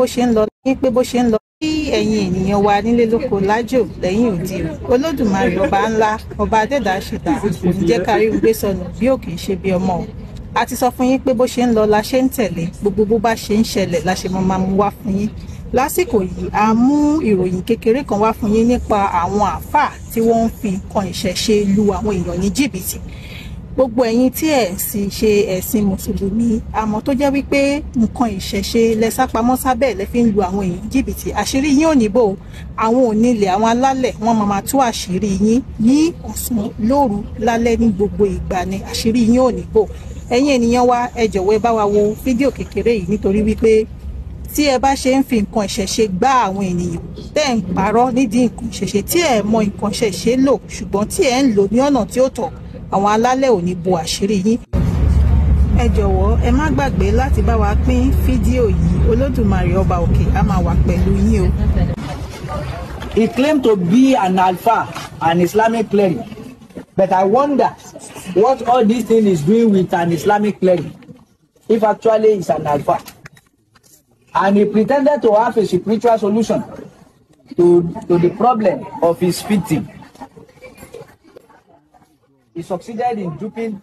bó ṣe ń lọ ní pé bó ṣe ń lọ kí ẹ̀yin ènìyàn wa nílé lóko lájò lẹ́yìn òdi olódùmarè ọba ńlá ọba adẹ́dá ṣẹ̀dá kò ní jẹ́ ká rí gbé sọnù bí ò kì í ṣe bí ọmọ a ti sọ fún yín pé bó ṣe ń lọ la ṣe ń tẹ̀lé gbogbo bó bá ṣe ń ṣẹlẹ̀ la ṣe máa mú wá fún yín lásìkò yìí a mú ìròyìn kékeré kan wá fún yín nípa àwọn àáfàá tí wọ́n ń fi nǹkan ìṣẹ̀ṣe lu àwọn èèyàn ní jìbìtì gbogbo ẹ̀yin tí ẹ̀ sì ṣe ẹ̀sìn mùsùlùmí àmọ́ tó jẹ́ wípé nǹkan ìṣẹ̀ṣe lẹ sápamọ́ sábẹ́ lẹ fi ń lu àwọn èèyàn jìbìtì àṣírí yín ò níbò àwọn onílẹ̀ àwọn alálẹ̀ wọ́n máa máa tú àṣírí yín ní ọ̀sán lóru lálẹ́ ní gbogbo ìgbà ni àṣírí yín ò níbò ẹ̀yin ènìyàn wa ẹ jọ̀wọ́ ẹ bá wa wo fídíò kékeré yìí nítorí wípé tí ẹ bá ṣe ń fi nǹkan ìṣẹ̀ṣe gbá àwọn ènìyàn tẹ́ ẹ̀ ń parọ́ nídìí nǹkan ìṣẹ̀ṣe tí ẹ̀ mọ nǹkan ìṣẹ̀ṣe lò ṣùgbọ́n tí ẹ̀ ń lò ní ọ̀nà tí ó tọ́ àwọn alálẹ̀ ò bo àṣírí yín. ẹ jọ̀wọ́ ẹ má gbàgbé láti bá wa pín fídíò yìí olódùmarè ọba òkè á máa wà pẹ̀lú yín o. He claimed to be an alpha, an Islamic cleric. But I wonder what all this thing is doing with an Islamic cleric, if actually he's an alpha. And he pretended to have a spiritual solution to, to the problem of his fitting. He succeeded in duping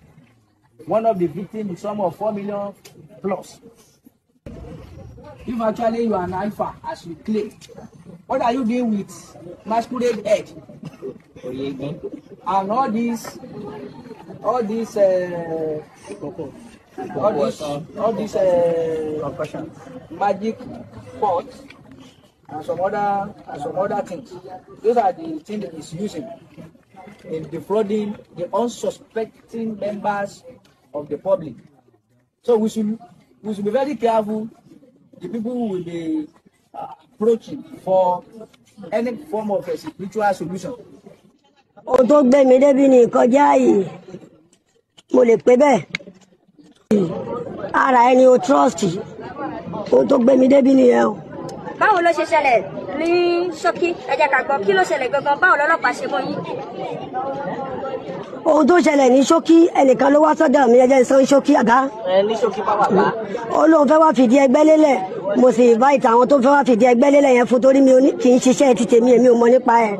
one of the victims with sum of four million plus. If actually you are an alpha, as you claim, what are you doing with masquerade head? and all these, all these, uh, all these, all these uh, magic pots and some other and some other things. Those are the things he's using in defrauding the unsuspecting members of the public. So we should we should be very careful the people who will be uh, approaching for any form of a spiritual solution. Ohun tó gbé mi débi ní ìkọjá yìí, mo lè pè bẹ́ẹ̀. Ara ẹni o trust, ohun tó gbé mi débi nìyẹn o báwo ló ṣe ṣẹlẹ̀ ní ṣókí ẹ jẹ́ kí ló ṣẹlẹ̀ gangan báwo lọ́lọ́pàá ṣe mọ́ yín. ohun tó ṣẹlẹ̀ ní ṣókí ẹnìkan ló wá sọ́dọ̀ mi ẹjẹ́ sọ ṣókí àgá. ẹ ní ṣókí pápá bá. ó fẹ́ wá fìdí ẹgbẹ́ lélẹ̀ mo sì bá ìta àwọn tó fẹ́ wá fìdí ẹgbẹ́ lélẹ̀ yẹn fún torí mi kì í ṣiṣẹ́ ti tèmi èmi ò mọ nípa ẹ̀.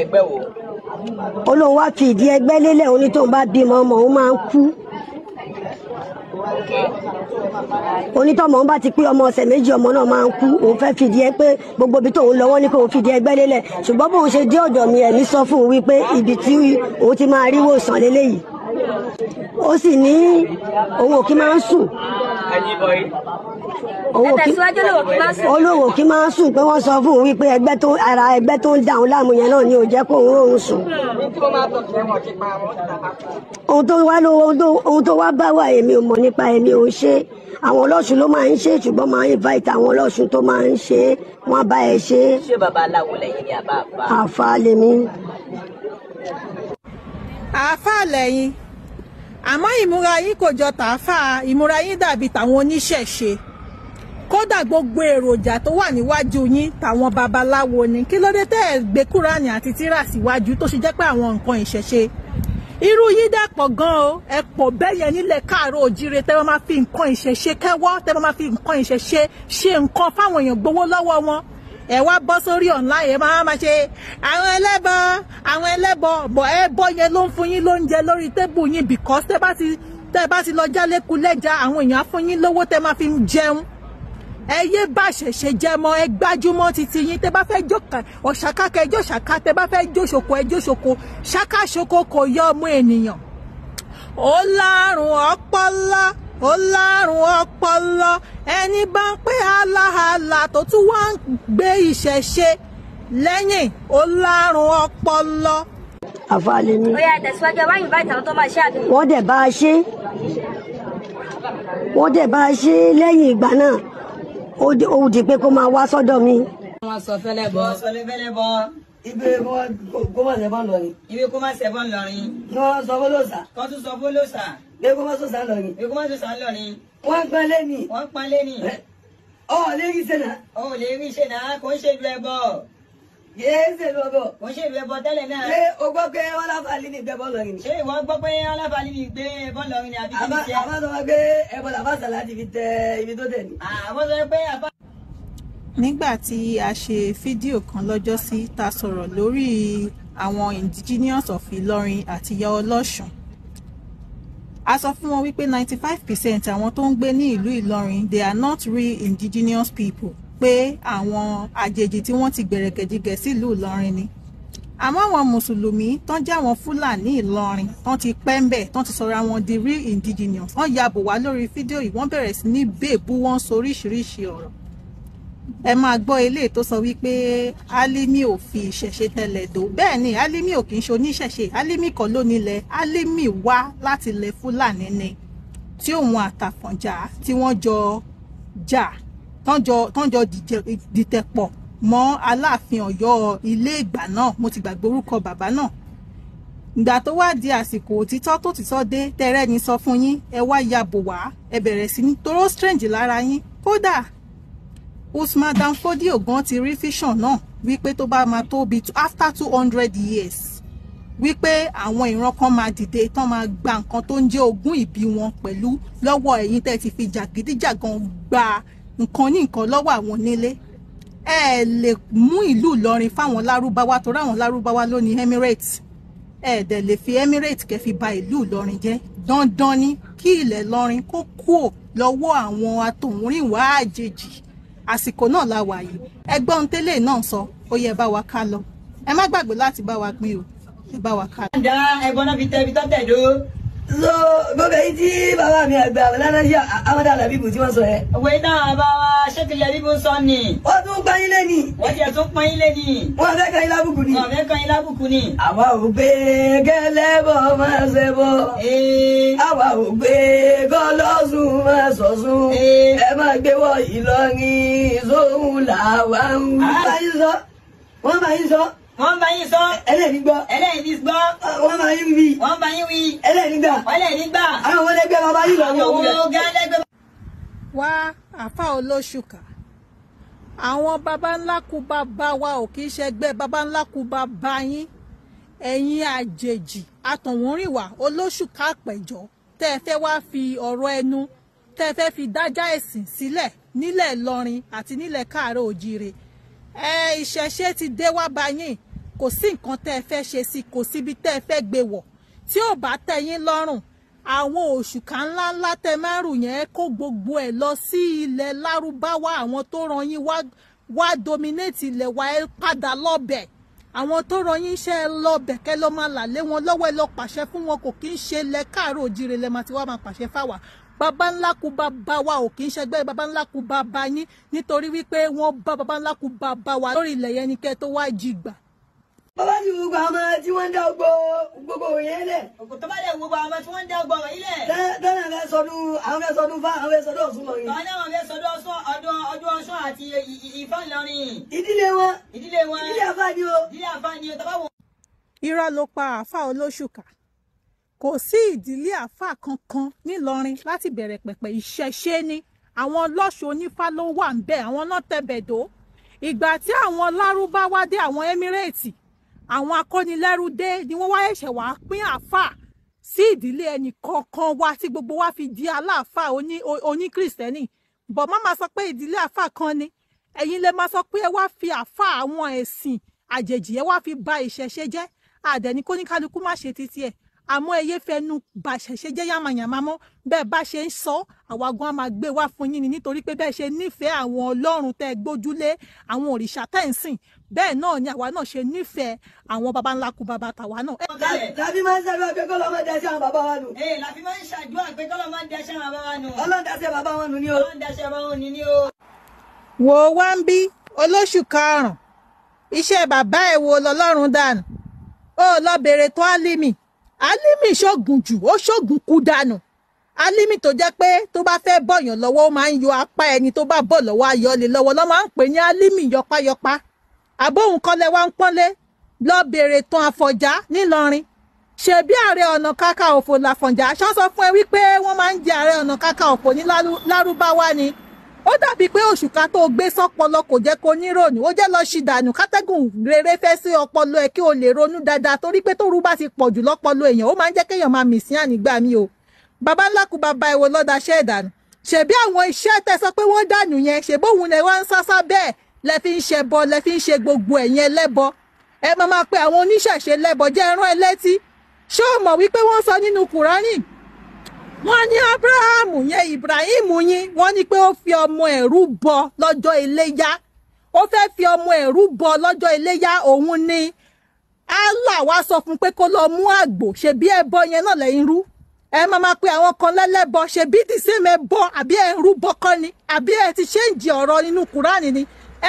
ẹgbẹ́ wá fìdí ẹgbẹ́ lélẹ̀ onítòun bá bímọ ọmọ òun máa ń kú onítọ̀mọ̀ bá ti pé ọmọ ọ̀sẹ̀ méjì ọmọ náà máa ń kú òun fẹ́ fìdí ẹ pé gbogbo ibi tóun lọ wọ́n ní kóun fìdí ẹgbẹ́ lélẹ̀ ṣùgbọ́n bóun ṣe dé ọ̀dọ̀ mi ẹ̀mí sọ fún un wípé ibi tí òun ti máa rí wòsàn lélẹ́yìí ó sì ní òun òkí máa ń sùn olówó kí máa ń sùn pé wọ́n sọ fún òun wípé ẹgbẹ́ tó ara ẹgbẹ́ tó ń da láàmú yẹn náà ni ò jẹ́ kó òun òun sùn. ohun tó wá ló ohun tó wá bá wà èmi ò mọ̀ nípa ẹni ò ṣe àwọn ọlọ́sùn ló máa ń ṣe ṣùgbọ́n máa ń invite àwọn ọlọ́sùn tó máa ń ṣe wọ́n bá ẹ ṣe. ṣé babaláwo lẹ́yìn ni àbá àfa. àfa lèmi. àfa lẹ́yìn àmọ́ ìmúra yín kò jọ tàáfà ìmúra yín dàbí tàwọn oníṣẹ̀ṣe kódà gbogbo èròjà tó wà níwájú yín tàwọn babaláwo ni kí ló dé tẹ́ ẹ̀ gbé kúránì àti tíra síwájú tó ṣe jẹ́ pé àwọn nǹkan ìṣẹ̀ṣe irú yín dàpọ̀ gan o ẹ pọ̀ bẹ́ẹ̀ yẹn nílẹ̀ káàárọ̀ òjíire tẹ́ wọ́n máa fi nǹkan ìṣẹ̀ṣe kẹ́wọ́ tẹ́ wọ́n máa fi nǹkan ìṣẹ̀ṣe ṣe nǹkan fáwọn èèyàn gbowó lọ́wọ́ wọn ẹ wá bọ́ sórí online ẹ máa ma ṣe àwọn ẹlẹ́bọ àwọn ẹlẹ́bọ bọ̀ ẹ bọ́ yẹn ló ń fún yín lóúnjẹ lórí tébù yín because tẹ́ bá ti tẹ́ bá ti lọ jáléku lẹ́jà àwọn èèyàn á fún yín lówó tẹ́ máa fi ń jẹun ẹ yé bá ṣẹ̀ṣẹ̀ jẹ mọ́ ẹ gbájúmọ́ títí yín tẹ́ bá fẹ́ jó ọ̀ṣàká kẹjọ́ ṣàká tẹ́ bá fẹ́ jó ṣoko ẹjọ́ ṣoko ṣàká ṣoko kò yọ ọmọ ènìyàn ó lárùn ọpọlọ ó lárùn ọpọlọ ẹni bá ń pè hálàhálà tó tún wá ń gbé ìṣẹ̀ṣe lẹ́yìn ó lárùn ọpọlọ. àfàlẹ́ mi. ó yá tẹ̀síwájú wáyé báyìí tàwọn tó máa ṣe àdúgbò. wọ́n dẹ̀ bá a ṣe wọ́n dẹ̀ bá a ṣe lẹ́yìn ìgbà náà ó di pé kó máa wá sọ́dọ̀ mi. wọ́n sọ fẹ́lẹ́ bọ́. wọ́n sọ fẹ́lẹ́ bọ́ ibi kó má sẹ́bọ̀n lọrin. ibi kó má sẹ́bọ̀n lọrin. kí wọ́n sọ fọlọ́sà. kọ́ tún sọ fọlọ́sà gbẹ́gbẹ́ máa sọ̀sán lọ ni. gbẹ́gbẹ́ máa sọ̀sán lọ ni. wọ́n gbọ́n lé ni. wọ́n pọ́n lé ni. ọ oh, lè rí iṣẹ́ náà. ọ oh, lè rí iṣẹ́ náà kò ń ṣe ìlú ẹbọ. yéé ìlú ẹbọ. kò ń ṣe ìlú ẹbọ tẹ́lẹ̀ náà. ṣé o gbọ́ pé ọlọ́fàlì ni gbẹ bọ́ọ̀lù rìn. ṣé ìwọ gbọ́ pé ọlọ́fàlì ni gbẹ bọ́ọ̀lù rìn àbí kí ni tiẹ̀. wá gbé ẹbọ làbá sàlátì fi tẹ ibi tó tẹ̀ ní. àwọn sọ pé àbá nígbà tí a ṣe fídíò kan lọ́jọ́sí ta sọ̀rọ̀ lórí àwọn indigenous of Ìlọrin àti Ìyá a sọ fún wọn wípé ninety five percent àwọn tó ń gbé ní ìlú Ìlọrin they are not real indigenous people pé àwọn àjèjì tí wọ́n ti gbẹ̀rẹ̀gẹ̀jigẹ̀ sílùú Ìlọrin ni àmọ́ àwọn mùsùlùmí tán jẹ́ àwọn fúlàní ìlọrin tán ti pẹ́ ń bẹ̀ tán ti sọra wọn di real indigenous wọ́n ya bò wá lórí fídíò yìí wọ́n bẹ̀rẹ̀ sí ní bèbú wọn soríṣiríṣi ọ̀rọ̀ ẹ máa gbọ́ eléyìí tó sọ wípé Alimi ò fi ìṣẹ̀ṣe tẹ̀lẹ̀ dó bẹ́ẹ̀ ni Alimi ò kì í ṣe oníṣẹ̀ṣe Alimi kọ́ ló nílẹ̀ Alimi wá láti ilẹ̀ Fúlàní ni tí òun àtàfọ̀njá tí wọ́n jọ jà tán jọ dìtẹ̀pọ̀ mọ́ Aláàfin Ọ̀yọ́ ilé ìgbà náà mo ti gbàgbé orúkọ bàbá náà ìgbà tó wá di àsìkò òtítọ́ tó títọ́ dé tẹ́rẹ́ ni sọ fún yín ẹ wá yabò wá ẹ bẹ̀rẹ̀ sí ní toró strange lára yín kódà Usman Dan Fodio gan ti rí fíṣàn náà wípé tó bá máa tó bíi after two hundred years wípé àwọn ìran kan máa dìde tán máa gba nǹkan tó ń jẹ́ ogún ìbí wọn pẹ̀lú lọ́wọ́ ẹ̀yin tẹ́ ti fi jàgídíjàgan gba nǹkan ní nǹkan lọ́wọ́ àwọn nílé ẹ lè mú ìlú Ìlọrin fáwọn lárúbáwá torí àwọn lárúbáwá ló Emirates ẹ dẹ̀ lè fi Emirates kẹ́ fi ba ìlú Ìlọrin jẹ́ dandan ni kí ilẹ̀ Ìlọrin kó kúò lọ́wọ́ àwọn atòhúnrìnwá àjèjì àsìkò náà la wà yìí ẹgbẹ́ ohun tẹ́lẹ̀ náà sọ ó yẹ bá wa ká lọ ẹ má gbàgbé láti bá wa pín o ẹ bá wa ká lọ. ẹ̀dá ẹ̀gbọ́n fi tẹ́ ibi tó tẹ̀ dó so bọ́bẹ̀ yìí tí bàbá mi àgbà ládàjẹ́ amadu alabibu tí wọ́n sọ yẹ. òwe náà bá wa ṣèkìlì abibu sọ ni. wọ́n tún pa yín lé ni. wọ́n jẹ́ tún pa yín lé ni. wọ́n fẹ́ kan yín lábùkù ni. wọ́n fẹ́ kan yín lábùkù ni. àwa ò gbé gẹ́lẹ́bọ̀ máa ṣe bọ̀. àwa ò gbé gọ́lọ́sùn máa sọ̀sùn. ẹ máa gbé wọ Ìlọrin sóhun làwa ń bá yín sọ. wọ́n bá yín sọ wọ́n bá yín sọ. ẹlẹ́ẹ̀ni gbọ́. ẹlẹ́ẹ̀ni gbọ́. wọ́n bá yín wí. wọ́n bá yín wí. ẹlẹ́ẹ̀ni gbà. ẹlẹ́ẹ̀ni gbà. àwọn ọmọ ẹlẹgbẹ́ bàbá yìí lọ́wọ́. àwọn ọmọ ọgá ẹlẹgbẹ́. wá àfa olóṣùkà àwọn baba ńlá kú bàbá wa ò kì í ṣẹgbẹ́ baba ńlá kú bàbá yín ẹ̀yin àjèjì àtọ̀wọ́rìnwá olóṣùkà àpẹ̀jọ tẹ́ ẹ fẹ́ wá fi ọ̀rọ̀ ẹnu tẹ́ ẹ fẹ́ fi dájá ẹ̀sìn sílẹ̀ nílẹ̀ Ìlọrin àti nílẹ̀ Káàárọ̀ Òjíire ẹ ìṣẹ̀ṣe ti dé wá bá yín kò sí nǹkan tẹ́ ẹ fẹ́ ṣe sí kò síbi tẹ́ ẹ fẹ́ gbé wọ̀ tí ò bá tẹ́ yín lọ́rùn àwọn òṣùkà ńlá ńlá tẹ́ máa rù yẹn kó gbogbo ẹ̀ lọ sí ilẹ̀ lárúbáwá àwọn tó ràn yín wá wá dominate ilẹ̀ wa ẹ padà lọ́bẹ̀ àwọn tó ràn yín iṣẹ́ lọ́bẹ̀ kẹ́ ló máa là lé wọn lọ́wọ́ ẹ lọ pàṣẹ fún wọn kò kí ń ṣe lẹ káàárọ̀ òjìrè lẹ máa ti wá máa pàṣẹ fáwa baba ńlá kú bàbá wa ò kì í ṣẹgbẹ́ baba ńlá kú bàbá yín nítorí wípé wọ́n bá baba ńlá kú bàbá wa lórí ilẹ̀ yẹn ni kẹ́ tó wá jí gbà bàbá mi wo gbogbo àwọn tí wọ́n ń dá gbogbo gbogbo yẹn lẹ̀. tó bá dẹ̀ gbogbo àwọn tí wọ́n ń dá gbogbo ọ̀rọ̀ yìí tẹ́lẹ̀ fẹ́ sọdún àwọn fẹ́ sọdún fún àwọn fẹ́ sọdún ọ̀ṣun lọ yìí. àwọn fẹ́ sọdún ọdún ọ̀ṣun àti Ifá Ìlọrin. ìdílé wọn ìdílé wọn ìdílé àfà ni o. ìdílé àfà ni o tó bá wò. irọ́ ló pa àfà Olóṣùká kò sí ìdílé àfà kankan nílọrin láti bẹ̀rẹ̀ pẹ̀pẹ̀ ìṣẹ̀ṣe ni àwọn ọlọ́ṣun onífá ló wà ń bẹ̀ àwọn náà tẹ̀bẹ̀dó ìgbà tí àwọn lárúbáwá dé àwọn Emirates àwọn akọ́nilẹ́rú ni wọ́n wá ẹ̀ṣẹ̀ wá pín àáfàá sí ìdílé ẹnì kọ̀ọ̀kan wa tí gbogbo wa fi di aláàfáà oníkristẹni bọ̀ má máa sọ pé ìdílé àáfàá kan ni ẹ̀yin lè máa sọ pé ẹ wá fi àáfàá àwọn ẹ̀sìn àjèjì ẹ wá fi ba ìṣẹ̀ṣe jẹ́ àdẹ̀ni kóníkálukú má ṣe títí ẹ̀ àmọ́ ẹ yé fẹnu bàṣẹ ṣe jẹ́ yàmàyàmà mọ́ bẹ́ẹ̀ bá ṣe ń sọ àwa gan a máa gbé wá fún yín ni nítorí pé bẹ́ẹ̀ ṣe nífẹ̀ẹ́ àwọn ọlọ́run tẹ́ ẹ gbójúlé àwọn òrìṣà tẹ́ ń sìn bẹ́ẹ̀ náà ni àwa náà ṣe nífẹ̀ẹ́ àwọn baba ńlá kú baba tàwa náà. làbí máa ń ṣàdúrà pé kọ́lọ́ máa dẹ́ṣẹ́ àwọn bàbá wa nù. làbí máa ń ṣàdúrà pé kọ́lọ́ máa dẹ́ṣẹ́ àwọn bàbá wa nù. ọlọ́run ni o. ọlọ́run ni o. wo wá ń bí olóṣù karùn-ún iṣẹ́ bàbá ẹ̀ wo lọ́lọ́run dànù ó lọ bèrè tó álímì alimi ṣoògùn jù ó ṣoògùn kú dànù alimi tó jẹ́ pé tó bá fẹ́ bọ̀yàn lọ́wọ́ ó máa ń yọ apá ẹni tó bá bọ̀ lọ́wọ́ ayọlẹ lọ́wọ́ lọ máa ń pè ní alimi yọpáyọpá àbóhùn kọlẹ wa ń pọ́nlé lọ bèrè tán àfọ̀njá ńìlọrin ṣebí ààrẹ ọ̀nà kákà òfò làfọ̀njá ṣán sọ fún ẹ wípé wọ́n máa ń jẹ ààrẹ ọ̀nà kákà òfò ní lárúbáwá ni. Laru, ó dàbí pé òṣùká tó gbé sọ́pọlọ kò jẹ́ kó níròyìn ó jẹ́ lọ ṣì dànù kátẹ́gùn rere fẹ́ sí ọpọlọ ẹ̀ kí o lè ronú dáadáa torí pé tóru bá ti pọ̀ jù lọ́pọlọ èèyàn ó máa ń jẹ́ kéèyàn máa mì sí ànígbà mi o bàbá ńlá kú bàbá ìwò lọ́dà ṣẹ́ ìdànù ṣèbí àwọn iṣẹ́ tẹ́ sọ pé wọ́n dànù yẹn ṣèbóhun lẹ wá ń sásá bẹ́ẹ̀ lẹ fi ń ṣẹbọ lẹ fi ń ṣe gbogbo ẹ̀yẹn lẹ́bọ ẹ máa máa pe àwọn oníṣẹ̀ṣe lẹ́bọ jẹ́ ẹran ẹlẹ́tí ṣé o mọ̀ wípé wọ́n sọ nínú Kùránì wọ́n ní abrahamu yẹn ibrahim yín wọ́n ní pé ó fi ọmọ ẹ̀rú bọ lọ́jọ́ iléyá ó fẹ́ fi ọmọ ẹ̀rú bọ lọ́jọ́ iléyá òun ni allah wá sọ fún pé kó lọ mú àgbò ṣebí ẹbọ yẹn náà lẹ́yìn rú ẹ máa ma pe àwọn kan lẹ́lẹ́bọ ṣebí the same ẹbọ àbí ẹ ń rúbọ kan ni àbí ẹ ti ṣéǹjì ọ̀rọ̀ nínú kúránì ni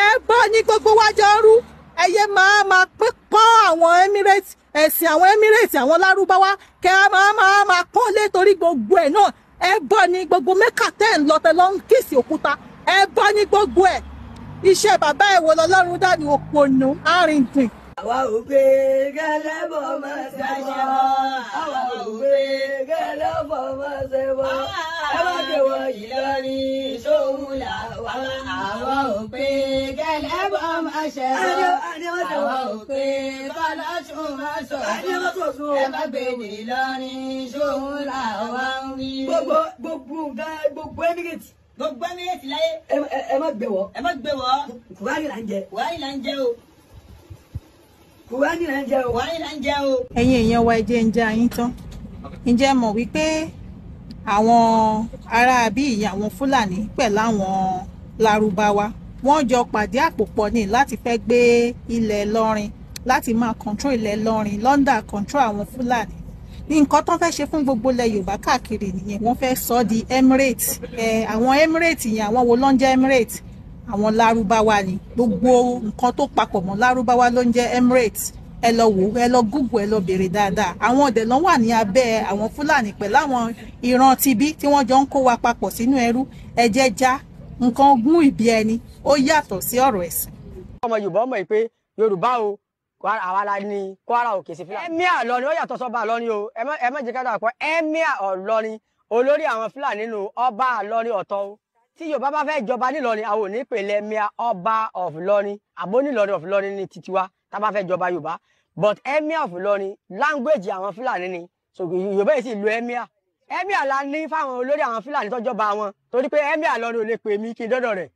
ẹbọ ní gbogbo wájọ rú ẹyẹ máa máa pín pọ́n àwọn Emirates ẹ̀sìn àwọn Emirates àwọn lárúbáwá kẹ́ ẹ máa máa máa pọ́n lé torí gbogbo ẹ̀ náà ẹ bọ́ ni gbogbo mẹ́kà tẹ́ ń lọ tẹ́ lọ ń kìsì òkúta ẹ bọ́ ni gbogbo ẹ̀ iṣẹ́ bàbá ẹ̀ wò lọ́lọ́run dání òpònú àrìndìn. àwa ò gbé gẹ́lẹ́ bọ́ máa ṣe wọ́ àwa ò gbé gẹ́lẹ́ bọ́ máa ṣe wọ́ ẹ má gbé wọ Ìlọrin ṣòwò làwọn àwa ò gbé gẹ́lẹ́ bọ́ máa ṣe wọ́ àwọn òpè fọlọ́sùn máa sọ fún ẹ má gbèdè lọ́rin ṣòun làwọn ń wí. gbogbo gbogbo nǹkan gbogbo emirate gbogbo emirate láyé. ẹ má gbé wọ. ẹ má gbé wọ. kùránì là ń jẹ. kùránì là ń jẹ o. kùránì là ń jẹ o. kùránì là ń jẹ o. ẹ̀yin èèyàn wa ẹjẹ ń jẹ ayín tán ǹjẹ́ mọ̀ wípé àwọn ará bíi àwọn fúlàní pẹ̀lú àwọn Larubawa wọ́n jọ pàdé àpòpọ̀ ni láti fẹ́ gbé ilẹ̀ lọ́rin láti máa control ilẹ̀ lọ́rin London control àwọn Fúlàní nǹkan tó fẹ́ ṣe fún gbogbo ilẹ̀ Yorùbá káàkiri nìyẹn wọ́n fẹ́ sọ di Emirates àwọn Emirates yẹn àwọn wo ló ń jẹ́ Emirates àwọn lárúbáwá ni gbogbo nǹkan tó papọ̀ mọ́ lárúbáwá ló ń jẹ́ Emirates ẹ lọ wò ẹ lọ Google ẹ lọ béèrè dáadáa àwọn ọdẹ lọ wà ní abẹ́ àwọn Fúlàní pẹ̀lú àwọn ìran tibí tí wọ́n jọ ń kó wa papọ̀ sínú ẹrú ẹjẹ já nǹkan ogún ìbí ẹni ó yàtọ̀ sí ọ̀rọ̀ ẹ̀sìn. ọmọ yorùbá mọ̀ pé yorùbá o àwa la ní kwara òkè sí fúlàní. ẹ̀mí àlọ́rin ó yàtọ̀ sọ́ba àlọ́rin o ẹ má jẹ́ ká dà pọ̀ ẹ̀mí àlọ́rin olórí àwọn fúlàní nù ọba àlọ́rin ọ̀tọ̀ o tí yorùbá bá fẹ́ jọba nílọrin àwọn òní pèlè ẹ̀míà ọba of lọrin àbó nílọrin of lọrin ní títí wa tá a bá fẹ́ jọba yorùbá but ẹ̀míà of lọrin language àwọn fúlàní ni so yorùbá yìí sì lo ẹ̀míà emir la ní fáwọn olórí àwọn fúlàní tọjọba wọn torí pé emir lọrin ò lè pè mí kí n dọdọ rẹ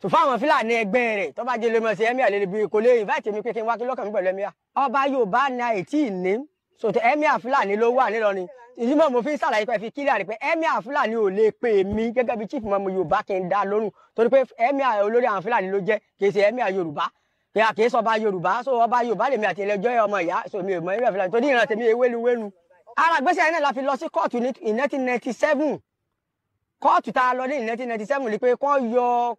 tó fáwọn fúlàní ẹgbẹ́ rẹ tó bá jẹ lè mọ sí emir lè bí kò lè invite mi pé kí n wá kí lọ́kàn mi pẹ̀lú emir. ọba yorùbá ni àìtí ní sòtẹ emir fúlàní ló wà nílọrin ìdí mọ̀ mo fi ń ṣàlàyé pé fi kílẹ̀ rẹ̀ pé emir fúlàní ò lè pè mí gẹ́gẹ́ bí chief mọ̀mọ́ yorùbá kì í dá lórùn torí pé emir olórí àwọn fúlàní ló jẹ́ kì í ṣe emir yorùbá kì í sọ ọba yorùbá so ọba yorùbá lèmi àti ẹlẹjọ́ ọmọ ìyá so mi ò mọ emir fúlàní torí ìrántí mi ewéluwélu ara gbèsè náà la fi lọ sí kóòtù ní nineteen ninety seven kóòtù tá a lọ ní nineteen ninety seven ni pé kọ́ yọ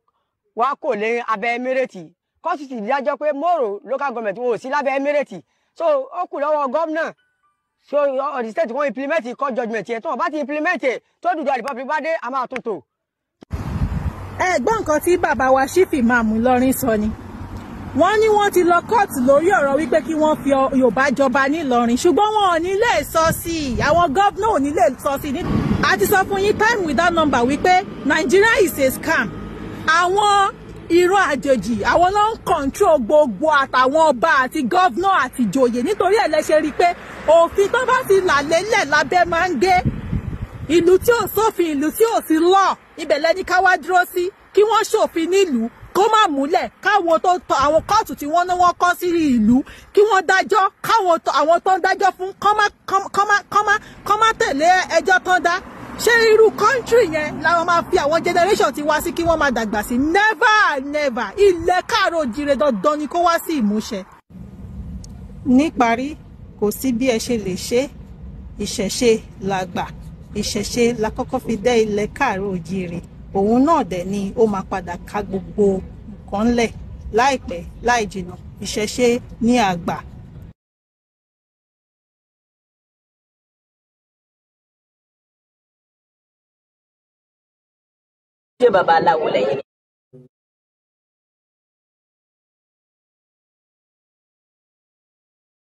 wá kò lé abẹ́ emirati kóòtù sì dájọ́ pé mòrò local government wọn ò sí lábẹ́ emirati so ó kù lọ́wọ́ gómìnà so ọ̀dì state wọ́n implement court judgement yẹn tó wọ́n bá ti implement ẹ̀ tó dùdú àdìpọ́pì bá dé a máa tún tò. ẹ gbọ́ nǹkan tí bàbá wa ṣífì máa mú lọ́rin sọ ni wọ́n ní wọ́n ti lọ kóòtù lórí ọ̀rọ̀ wípé kí wọ́n fi Yorùbá jọba nílọrin ṣùgbọ́n wọn ò ní lè sọ sí i àwọn gómìnà ò ní lè sọ sí i. a ti sọ fún yín time without number wípé Nigeria is a scam àwọn irọ́ àjèjì àwọn ló ń control gbogbo àtàwọn ọba àti gómìnà àti ìjòyè nítorí ẹ̀ lẹ́sẹ̀ rí i pé òfin tó bá ti là lélẹ̀ lábẹ́ máa ń gé ìlú tí ò sófin ìlú tí ò sí lọ ibẹ̀ lẹ́ni ká dúró sí kí wọ́n ṣòfin nílùú kó má múlẹ̀ káwọn tó tọ àwọn kóòtù tí wọ́n náà wọ́n kọ́ sí ìlú kí wọ́n dájọ́ káwọn àwọn tó ń dájọ́ fún kọ́ má tẹ̀lé ẹjọ́ tó ń dá ṣé irú kọ́ńtírì yẹn làwọn máa fi àwọn generation ti wá sí kí wọ́n máa dàgbà sí never never ilẹ̀ káàró jire dandan ni kó wá sí ìmúṣẹ. níparí kò sí bí ẹ ṣe lè ṣe ìṣẹ̀ṣe làgbà ìṣẹ̀ṣe la kọ́kọ́ fi dé ilẹ̀ káàró jire. òun náà dẹ̀ ni ó máa padà ka gbogbo nǹkan ńlẹ̀ láìpẹ́ láì jìnnà ìṣẹ̀ṣe ní àgbà